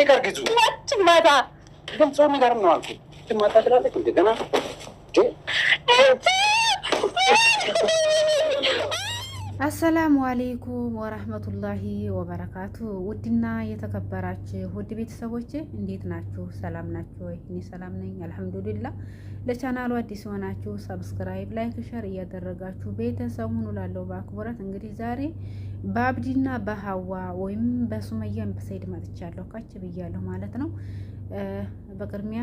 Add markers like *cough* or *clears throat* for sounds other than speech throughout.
ነገር ግዙ ችማታ ግልጽ ነገር ነው አልኩ። ችማታ ትላለች እንደገና አሰላሙ አሌይኩም ወረህመቱላሂ ወበረካቱ። ውድና የተከበራችሁ ውድ ቤተሰቦች እንዴት ናችሁ? ሰላም ናችሁ ወይ? እኔ ሰላም ነኝ አልሐምዱሊላ። ለቻናሉ አዲስ የሆናችሁ ሰብስክራይብ፣ ላይክ፣ ሸር እያደረጋችሁ ቤተሰብ ሁኑ። ላለው በአክብረት እንግዲህ ዛሬ በአብዲና በሀዋ ወይም በሱመያን በሰይድ መጥቻለሁ፣ ካች ብያለሁ ማለት ነው። በቅድሚያ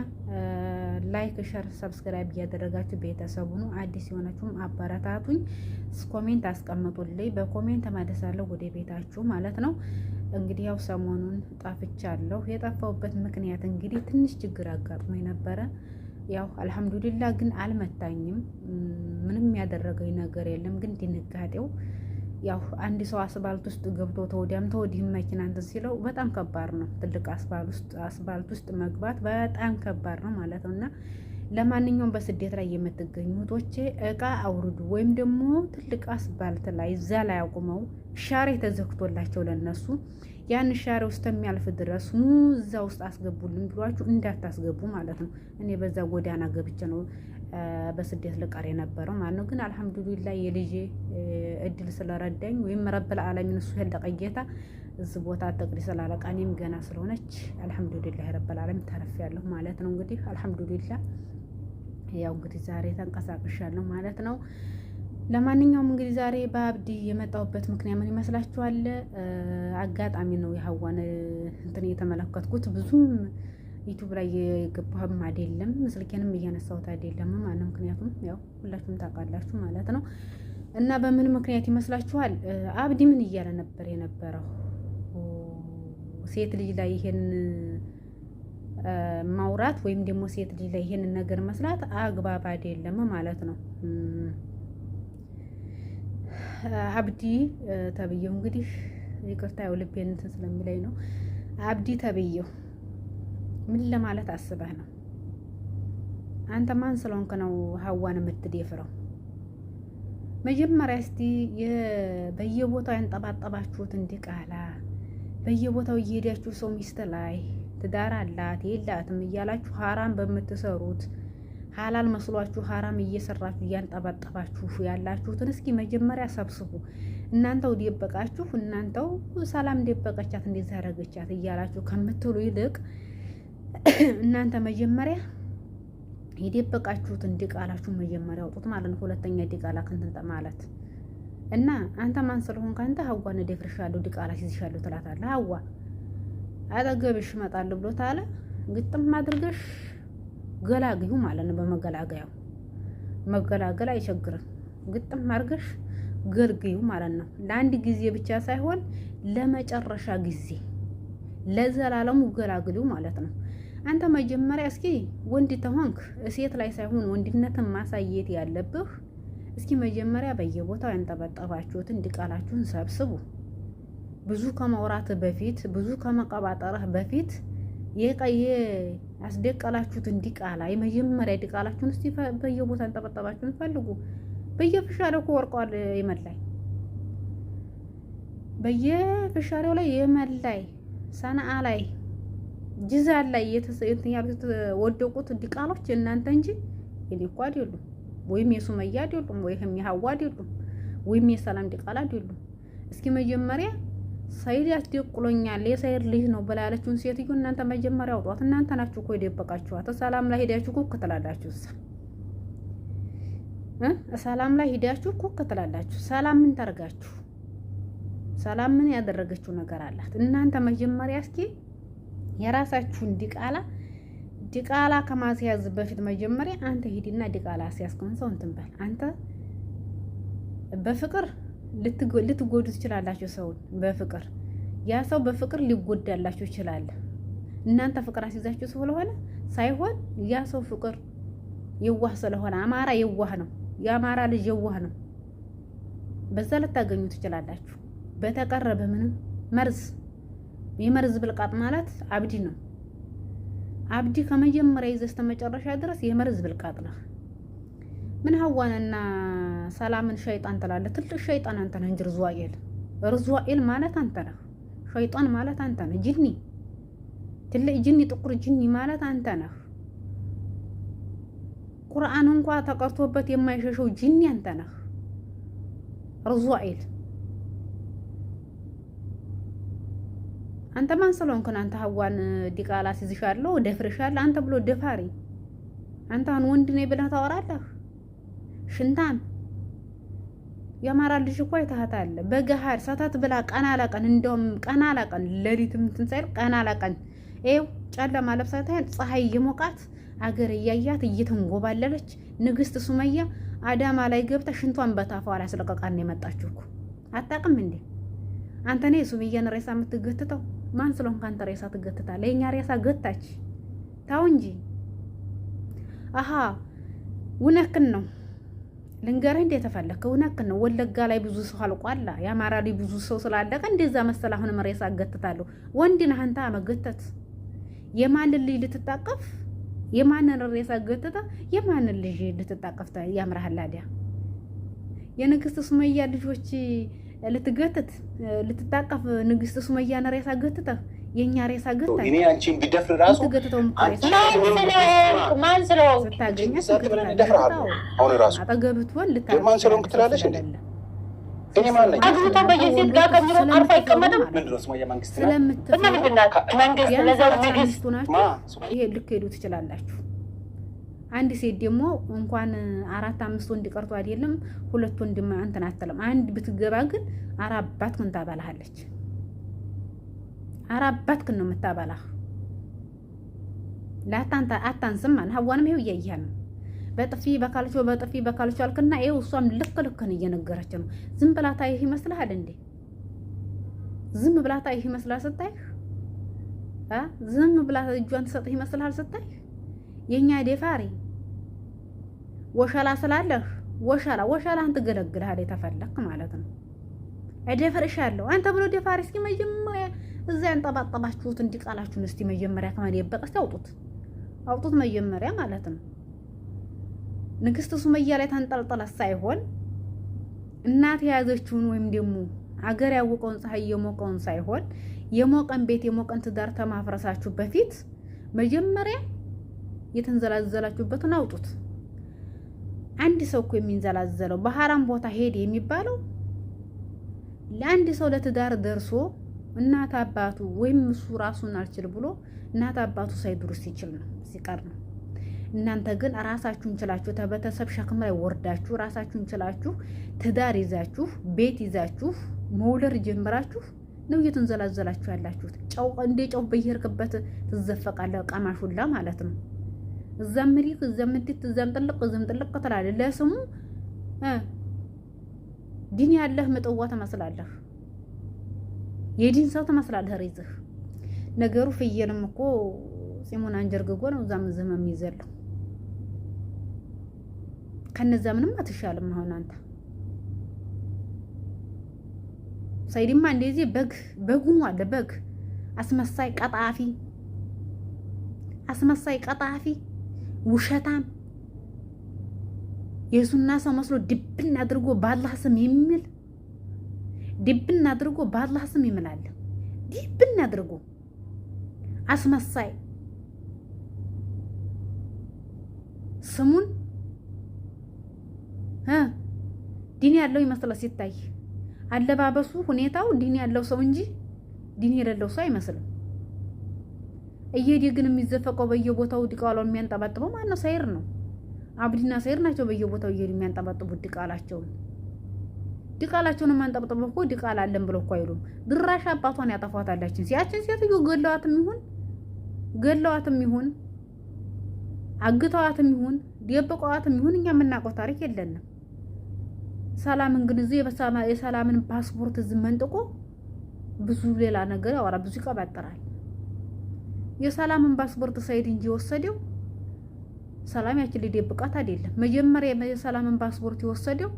ላይክ፣ ሸር፣ ሰብስክራይብ እያደረጋችሁ ቤተሰቡ ነው። አዲስ የሆነችሁም አበረታቱኝ። ኮሜንት አስቀምጡልኝ። በኮሜንት ማደሳለሁ ወደ ቤታችሁ ማለት ነው። እንግዲህ ያው ሰሞኑን ጠፍቻለሁ። የጠፋሁበት ምክንያት እንግዲህ ትንሽ ችግር አጋጥሞኝ ነበረ። ያው አልሐምዱሊላ ግን አልመታኝም። ምንም ያደረገኝ ነገር የለም። ግን ድንጋጤው ያው አንድ ሰው አስባልት ውስጥ ገብቶ ተወዲያም ተወዲህም መኪና እንትን ሲለው በጣም ከባድ ነው። ትልቅ አስባልት ውስጥ መግባት በጣም ከባድ ነው ማለት ነው እና ለማንኛውም በስደት ላይ የምትገኙ እህቶቼ እቃ አውርዱ፣ ወይም ደግሞ ትልቅ አስባልት ላይ እዛ ላይ አቁመው ሻሬ ተዘግቶላቸው ለነሱ ያን ሻሬ ውስጥ የሚያልፍ ድረስ እዛ ውስጥ አስገቡልን ብሏችሁ እንዳታስገቡ ማለት ነው። እኔ በዛ ጎዳና ገብቼ ነው በስደት ልቀር የነበረው ማለት ነው። ግን አልሐምዱሊላ የልጄ እድል ስለረዳኝ ወይም ረብል አለሚን እሱ ያለቀ ጌታ እዚ ቦታ ተቅሪ ስላለቃ እኔም ገና ስለሆነች አልሐምዱሊላ ረብል አለሚን ተረፌያለሁ ማለት ነው። እንግዲህ አልሐምዱሊላ ያው እንግዲህ ዛሬ ተንቀሳቅሻለሁ ማለት ነው። ለማንኛውም እንግዲህ ዛሬ በአብዲ የመጣሁበት ምክንያት ምን ይመስላችኋል? አጋጣሚ ነው የሀዋን እንትን የተመለከትኩት። ብዙም ዩቱብ ላይ የገባህም አይደለም ስልኬንም እያነሳሁት አይደለም ማለት ምክንያቱም ያው ሁላችሁም ታውቃላችሁ ማለት ነው። እና በምን ምክንያት ይመስላችኋል? አብዲ ምን እያለ ነበር የነበረው? ሴት ልጅ ላይ ይሄን ማውራት ወይም ደግሞ ሴት ልጅ ላይ ይሄን ነገር መስራት አግባብ አይደለም ማለት ነው። አብዲ ተብየው እንግዲህ ይቅርታ ያው ልቤን እንትን ስለሚለኝ ነው። አብዲ ተብየው ምን ለማለት አስበህ ነው? አንተ ማን ስለሆንክ ነው ሀዋን የምትደፍረው? መጀመሪያ እስቲ በየቦታው ያንጠባጠባችሁትን እንዲቃላ በየቦታው እየሄዳችሁ ሰው ሚስት ላይ ትዳር አላት የላትም እያላችሁ ሀራም በምትሰሩት ሀላል መስሏችሁ ሀራም እየሰራችሁ እያንጠባጠባችሁ ያላችሁትን እስኪ መጀመሪያ ሰብስቡ። እናንተው ደበቃችሁ፣ እናንተው ሰላም ደበቀቻት እንደዚህ አደረገቻት እያላችሁ ከምትሉ ይልቅ *clears throat* እናንተ መጀመሪያ የደበቃችሁትን ዲቃላችሁ መጀመሪያ አውጡት ማለት ነው። ሁለተኛ ዲቃላ ክንትንጠ ማለት እና አንተ ማን ስለሆን ስለሆንክ ሀዋ ሀዋን እደፍርሻለሁ ዲቃላ ሲዝሻለሁ ትላታለህ። ሀዋ አጠገብሽ እመጣለሁ ብሎታል። ግጥም አድርገሽ ገላግዩ ማለት ነው። በመገላገያው መገላገል አይቸግርም። ግጥም አርገሽ ገልግዩ ማለት ነው። ለአንድ ጊዜ ብቻ ሳይሆን ለመጨረሻ ጊዜ ለዘላለሙ ገላግሉ ማለት ነው። አንተ መጀመሪያ እስኪ ወንድ ተሆንክ እሴት ላይ ሳይሆን ወንድነትን ማሳየት ያለብህ እስኪ መጀመሪያ በየቦታው ያንጠበጠባችሁትን ድቃላችሁን ሰብስቡ። ብዙ ከማውራት በፊት ብዙ ከመቀባጠረህ በፊት የቀየ ያስደቀላችሁትን ዲቃላ የመጀመሪያ ዲቃላችሁን እስቲ በየቦታ እንጠበጠባችሁን ፈልጉ። በየፍሻሪው እኮ ወርቋል የመን ላይ በየፍሻሪው ላይ የመን ላይ ሰነአ ላይ ጅዛን ወደቁት የተወደቁት ዲቃሎች እናንተ እንጂ የኔ እኮ አይደሉም፣ ወይም የሱመያ አይደሉም፣ ወይም የሀዋ አይደሉም፣ ወይም የሰላም ዲቃላ አይደሉም። እስኪ መጀመሪያ ሰይድ ያስደቁሎኛል የሰይድ ልጅ ነው ብላ ያለችውን ሴትዮ እናንተ መጀመሪያ አውጧት። እናንተ ናችሁ እኮ የደበቃችኋት። ሰላም ላይ ሄዳችሁ ኩክ ትላላችሁ። ሰላም ላይ ሄዳችሁ ኩክ ትላላችሁ። ሰላም ምን ታርጋችሁ? ሰላም ምን ያደረገችው ነገር አላት? እናንተ መጀመሪያ እስኪ የራሳችሁን ዲቃላ ዲቃላ ከማስያዝ በፊት መጀመሪያ አንተ ሂድና ዲቃላ አስያዝከውን ሰው እንትን በል አንተ በፍቅር ልትጎዱ ትችላላችሁ ሰውን በፍቅር ያ ሰው በፍቅር ሊጎዳላችሁ ይችላል። እናንተ ፍቅር አስይዛችሁ ስለሆነ ሳይሆን ያ ሰው ፍቅር የዋህ ስለሆነ አማራ የዋህ ነው። የአማራ ልጅ የዋህ ነው። በዛ ልታገኙ ትችላላችሁ። በተቀረበ ምንም መርዝ የመርዝ ብልቃጥ ማለት አብዲ ነው። አብዲ ከመጀመሪያ ይዘህ መጨረሻ ድረስ የመርዝ ብልቃጥ ነው። ምን ሀዋንና ሰላምን ሸይጣን ትላለህ? ትልቅ ሸይጣን አንተ ነህ እንጂ ርዝዋኤል ርዝዋኤል ማለት አንተ ነህ። ሸይጣን ማለት አንተ ነህ። ጅኒ ትልቅ ጅኒ ጥቁር ጅኒ ማለት አንተ ነህ። ቁርአን እንኳ ተቀርቶበት የማይሸሸው ጅኒ አንተ ነህ። ርዙዋኤል አንተ ማን ስለሆንክን? አንተ ሀዋን ዲቃላ ሲዝሻለሁ ደፍርሻለሁ። አንተ ብሎ ደፋሪ አንተን ወንድ ነኝ ብለህ ታወራለህ። ሽንታም የአማራ ልጅ እኮ አይተሃታል። በገሃድ ሰታት ብላ ቀን አላቀን እንደውም ቀን አላቀን ሌሊትም እንትን ሳይል ቀን አላቀን ይኸው ጨለማ ለብሳ ታያል። ፀሐይ እየሞቃት አገር እያያት እየተንጎባለለች ንግስት ሱመያ አዳማ ላይ ገብታ ሽንቷን በታፏ ላይ አስለቀቃን የመጣችሁ እኮ አታውቅም እንዴ? አንተ ነህ የሱመያን ሬሳ የምትገትተው? ማን ስለሆን ካንተ ሬሳ ትገትታለህ? የእኛ ሬሳ ገታች። ታው እንጂ አሀ ውነክን ነው ልንገርህ እንደተፈለግከው ነክ ነው። ወለጋ ላይ ብዙ ሰው አልቋላ። የአማራ ላይ ብዙ ሰው ስላለቀ እንደዛ መሰል አሁን መሬሳ አገትታለሁ። ወንድ ነህ አንተ የማን የማንን ልጅ ልትጣቀፍ የማንን ሬሳ ገትታ የማንን ልጅ ልትጣቀፍ ያምርሃል? ታዲያ የንግስት ሱመያ ልጆች ልትገትት ልትጣቀፍ ንግስት ሱመያን ሬሳ ገትተህ የእኛ ሬሳ አንቺን ቢደፍር ራሱ አጠገብህ ራሱ ልታማን ትላለች። እኔ ማን ነኝ? አግብቶ በየሴት ጋር ከሚሮጥ አርፎ አይቀመጥም። ይሄ ልትሄዱ ትችላላችሁ። አንድ ሴት ደግሞ እንኳን አራት አምስት ወንድ ቀርቶ አይደለም ሁለት ወንድ እንትን አትልም። አንድ ብትገባ ግን አራባት ክንታ ባልሃለች ኧረ አባትክን ነው የምታበላህ። ለአታንታ አታንስም አለ። ሀዋንም ይኸው እያየህ ነው። በጥፊ በካልቾ በጥፊ በካልቾ አልክና ይኸው እሷም ልክ ልክን እየነገረች ነው። ዝም ብላ ታይህ ይመስልሃል እንዴ? ዝም ብላ ታይህ ይመስልሃል ስታይህ? ዝም ብላ እጇን ትሰጥህ ይመስልሃል ስታይህ? የእኛ ደፋሪ ወሻላ ስላለህ ወሻላ ወሻላ ወሻላህን ትገለግልሃል የተፈለክ ማለት ነው። እደፍርሻለሁ አንተ ብሎ ደፋሪ እስኪ መጀመሪያ እዛ ያንጠባጠባችሁት እንዲቃላችሁን እስቲ መጀመሪያ ከማን የበቀስ አውጡት፣ አውጡት መጀመሪያ ማለት ነው። ንግስት ሱመያ ላይ ተንጠልጠለ ሳይሆን እናት የያዘችውን ወይም ደግሞ አገር ያወቀውን ፀሐይ የሞቀውን ሳይሆን የሞቀን ቤት የሞቀን ትዳር ተማፍረሳችሁ በፊት መጀመሪያ የተንዘላዘላችሁበትን አውጡት። አንድ ሰው እኮ የሚንዘላዘለው በሀራም ቦታ ሄድ የሚባለው ለአንድ ሰው ለትዳር ደርሶ እናት አባቱ ወይም እሱ ራሱን አልችል ብሎ እናት አባቱ ሳይድሩ ሲችል ነው ሲቀር ነው። እናንተ ግን ራሳችሁን ችላችሁ ተበተሰብ ሸክም ላይ ወርዳችሁ ራሳችሁን ችላችሁ ትዳር ይዛችሁ ቤት ይዛችሁ መውለድ ጀምራችሁ ነው እየተንዘላዘላችሁ ያላችሁት። ጨው እንደ ጨው በየሄድክበት ትዘፈቃለ ቀማሹላ ማለት ነው። እዛም ምሪክ እዛም ምድት እዛም ጥልቅ እዛም ጥልቅ ትላለህ። ለስሙ ዲን ያለህ ምጥዋ ትመስላለህ። የዲን ሰው ትመስላለህ ሪዝህ ነገሩ ፍየልም እኮ ፂሙን አንጀርግጎ ነው እዛም እዚህም የሚዘለው ከነዛ ምንም አትሻልም። አሁን አንተ ሰይድማ እንደዚህ በግ በጉም አለ በግ አስመሳይ ቀጣፊ፣ አስመሳይ ቀጣፊ፣ ውሸታም የሱና ሰው መስሎ ድብን አድርጎ ባላህ ስም የሚል ዲብን አድርጎ በአላህ ስም ይምላል። ዲብን አድርጎ አስመሳይ ስሙን ዲን ያለው ይመስላል ሲታይ አለባበሱ፣ ሁኔታው ዲን ያለው ሰው እንጂ ዲን የሌለው ሰው አይመስልም። እየሄደ ግን የሚዘፈቀው በየቦታው ዲቃላውን የሚያንጠባጥበው ማነው? ሰይር ነው። አብዲና ሰይር ናቸው በየቦታው እየሄዱ የሚያንጠባጥቡት ድቃላቸውን? ዲቃላቸውን አንጠብጥበው እኮ ዲቃላ አለን ብለው እኮ አይሉም። ድራሽ አባቷን ያጠፏታላችን ሲያችን ሴትዮ ገለዋትም ይሁን ገለዋትም ይሁን አግተዋትም ይሁን ደብቀዋትም ይሁን እኛ የምናውቀው ታሪክ የለንም። ሰላምን ግን እዚህ የሰላምን ፓስፖርት እዚህ መንጥቆ ብዙ ሌላ ነገር ያወራ ብዙ ይቀባጥራል። የሰላምን ፓስፖርት ሰይድ እንጂ የወሰደው ሰላም ያችን ሊደብቃት አይደለም። መጀመሪያ የሰላምን ፓስፖርት የወሰደው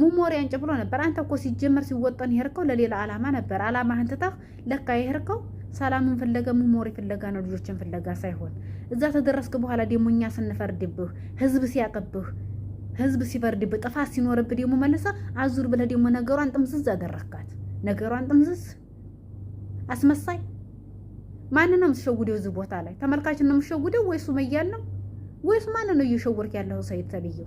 ሙሞሪያን ጨብሎ ነበር። አንተ እኮ ሲጀመር ሲወጣን የሄድከው ለሌላ አላማ ነበር። ዓላማህን ትተህ ለካ የሄድከው ሰላምን ፍለጋ ሙሞሪ ፍለጋ ነው፣ ልጆችን ፍለጋ ሳይሆን። እዛ ተደረስክ በኋላ ደግሞ እኛ ስንፈርድብህ፣ ህዝብ ሲያቅብህ፣ ህዝብ ሲፈርድብህ፣ ጥፋት ሲኖርብህ ደግሞ መልሰ አዙር ብለህ ደግሞ ነገሯን ጥምዝዝ አደረግካት። ነገሯን ጥምዝዝ አስመሳይ ማን ነው የምትሸውደው? እዚህ ቦታ ላይ ተመልካችን ነው የምትሸውደው? ወይስ ሱመያን ነው ወይስ ማንን ነው እየሸወርክ ያለው ሰይድ ተብዬው?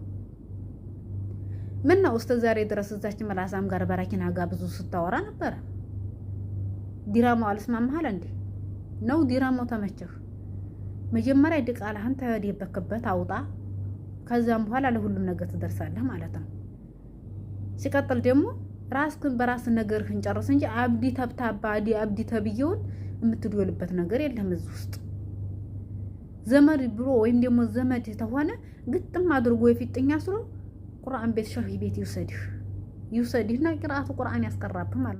ምን ነው እስከ ዛሬ ድረስ እዛችን መላሳም ጋር በራኪና ጋር ብዙ ስታወራ ነበረ። ዲራማው አልስማማሃል እንዴ? ነው ዲራማው ተመቸህ? መጀመሪያ ድቃላህን ተደበክበት አውጣ። ከዛም በኋላ ለሁሉም ነገር ትደርሳለህ ማለት ነው። ሲቀጥል ደግሞ ራስህን በራስ ነገርህን ጨርስ እንጂ አብዲ ተብታባ አብዲ ተብየውን የምትድወልበት ነገር የለም እዚህ ውስጥ ዘመድ ብሎ ወይም ደግሞ ዘመድ ተሆነ ግጥም አድርጎ የፊጥኛ ስሎ ቁርአን ቤት ሸፊ ቤት ይውሰድህ ይውሰድህና ቅርአቱ ቁርአን ያስቀራብህ ማለት ነው።